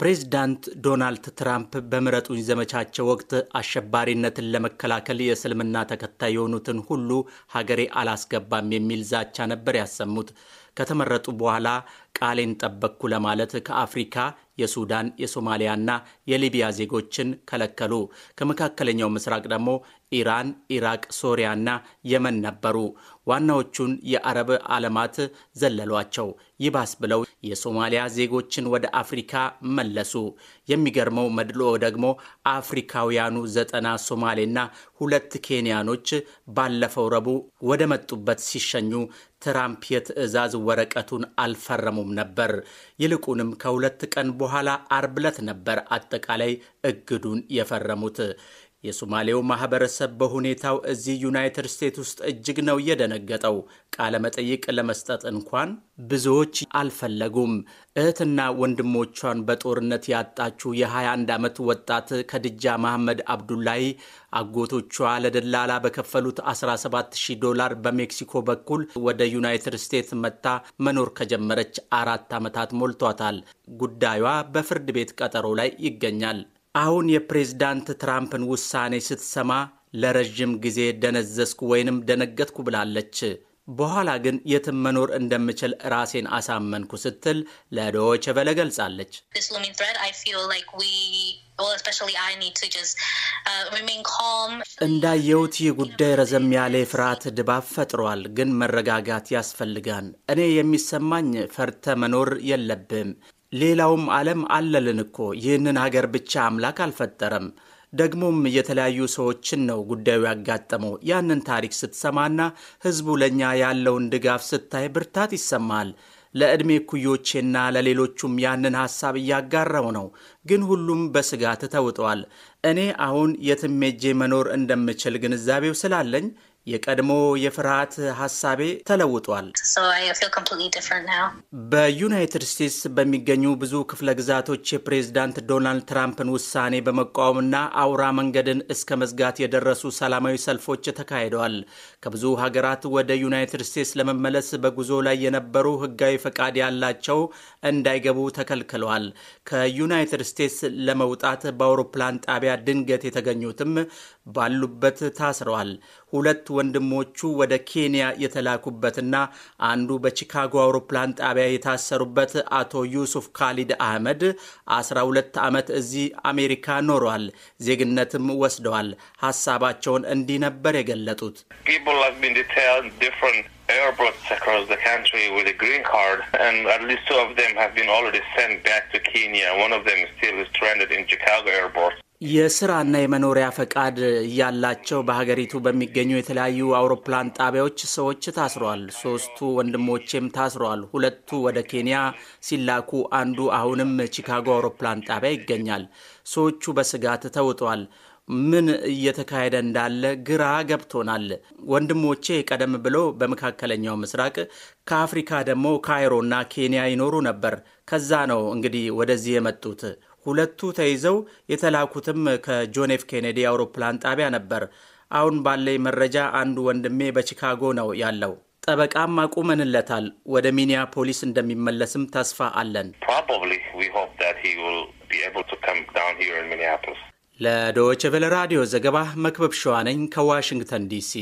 ፕሬዚዳንት ዶናልድ ትራምፕ በምረጡኝ ዘመቻቸው ወቅት አሸባሪነትን ለመከላከል የእስልምና ተከታይ የሆኑትን ሁሉ ሀገሬ አላስገባም የሚል ዛቻ ነበር ያሰሙት። ከተመረጡ በኋላ ቃሌን ጠበቅኩ ለማለት ከአፍሪካ የሱዳን የሶማሊያና የሊቢያ ዜጎችን ከለከሉ። ከመካከለኛው ምስራቅ ደግሞ ኢራን፣ ኢራቅ፣ ሶሪያና የመን ነበሩ። ዋናዎቹን የአረብ ዓለማት ዘለሏቸው። ይባስ ብለው የሶማሊያ ዜጎችን ወደ አፍሪካ መለሱ። የሚገርመው መድልኦ ደግሞ አፍሪካውያኑ ዘጠና ሶማሌና ሁለት ኬንያኖች ባለፈው ረቡዕ ወደ መጡበት ሲሸኙ ትራምፕ የትዕዛዝ ወረቀቱን አልፈረሙም ነበር። ይልቁንም ከሁለት ቀን በኋላ አርብ ዕለት ነበር አጠቃላይ እግዱን የፈረሙት። የሶማሌው ማህበረሰብ በሁኔታው እዚህ ዩናይትድ ስቴትስ ውስጥ እጅግ ነው የደነገጠው። ቃለ መጠይቅ ለመስጠት እንኳን ብዙዎች አልፈለጉም። እህትና ወንድሞቿን በጦርነት ያጣችው የ21 ዓመት ወጣት ከድጃ መሐመድ አብዱላይ አጎቶቿ ለደላላ በከፈሉት 170 ዶላር በሜክሲኮ በኩል ወደ ዩናይትድ ስቴትስ መጥታ መኖር ከጀመረች አራት ዓመታት ሞልቷታል። ጉዳዩዋ በፍርድ ቤት ቀጠሮ ላይ ይገኛል። አሁን የፕሬዝዳንት ትራምፕን ውሳኔ ስትሰማ ለረዥም ጊዜ ደነዘስኩ ወይንም ደነገጥኩ ብላለች። በኋላ ግን የትም መኖር እንደምችል ራሴን አሳመንኩ ስትል ለዶይቼ ቬለ ገልጻለች። uh, እንዳየሁት ይህ ጉዳይ ረዘም ያለ የፍርሃት ድባብ ፈጥሯል፣ ግን መረጋጋት ያስፈልጋል። እኔ የሚሰማኝ ፈርተ መኖር የለብም ሌላውም ዓለም አለልን እኮ ይህንን ሀገር ብቻ አምላክ አልፈጠረም። ደግሞም የተለያዩ ሰዎችን ነው ጉዳዩ ያጋጠመው። ያንን ታሪክ ስትሰማና ህዝቡ ለእኛ ያለውን ድጋፍ ስታይ ብርታት ይሰማል። ለዕድሜ ኩዮቼና ለሌሎቹም ያንን ሐሳብ እያጋራው ነው። ግን ሁሉም በስጋት ተውጠዋል። እኔ አሁን የትም ሄጄ መኖር እንደምችል ግንዛቤው ስላለኝ የቀድሞ የፍርሃት ሀሳቤ ተለውጧል። በዩናይትድ ስቴትስ በሚገኙ ብዙ ክፍለ ግዛቶች የፕሬዝዳንት ዶናልድ ትራምፕን ውሳኔ በመቃወምና አውራ መንገድን እስከ መዝጋት የደረሱ ሰላማዊ ሰልፎች ተካሂደዋል። ከብዙ ሀገራት ወደ ዩናይትድ ስቴትስ ለመመለስ በጉዞ ላይ የነበሩ ሕጋዊ ፈቃድ ያላቸው እንዳይገቡ ተከልክለዋል። ከዩናይትድ ስቴትስ ለመውጣት በአውሮፕላን ጣቢያ ድንገት የተገኙትም ባሉበት ታስረዋል። ሁለት ወንድሞቹ ወደ ኬንያ የተላኩበትና አንዱ በቺካጎ አውሮፕላን ጣቢያ የታሰሩበት አቶ ዩሱፍ ካሊድ አህመድ 12 ዓመት እዚህ አሜሪካ ኖሯል። ዜግነትም ወስደዋል። ሀሳባቸውን እንዲህ ነበር የገለጡት። የስራና የመኖሪያ ፈቃድ ያላቸው በሀገሪቱ በሚገኙ የተለያዩ አውሮፕላን ጣቢያዎች ሰዎች ታስረዋል። ሶስቱ ወንድሞቼም ታስረዋል። ሁለቱ ወደ ኬንያ ሲላኩ፣ አንዱ አሁንም ቺካጎ አውሮፕላን ጣቢያ ይገኛል። ሰዎቹ በስጋት ተውጠዋል። ምን እየተካሄደ እንዳለ ግራ ገብቶናል። ወንድሞቼ ቀደም ብሎ በመካከለኛው ምስራቅ ከአፍሪካ ደግሞ ካይሮና ኬንያ ይኖሩ ነበር። ከዛ ነው እንግዲህ ወደዚህ የመጡት። ሁለቱ ተይዘው የተላኩትም ከጆኔፍ ኬኔዲ አውሮፕላን ጣቢያ ነበር። አሁን ባለኝ መረጃ አንዱ ወንድሜ በቺካጎ ነው ያለው። ጠበቃም አቁመንለታል። ወደ ሚኒያፖሊስ እንደሚመለስም ተስፋ አለን። ለዶችቨለ ራዲዮ ዘገባ መክበብ ሸዋነኝ ከዋሽንግተን ዲሲ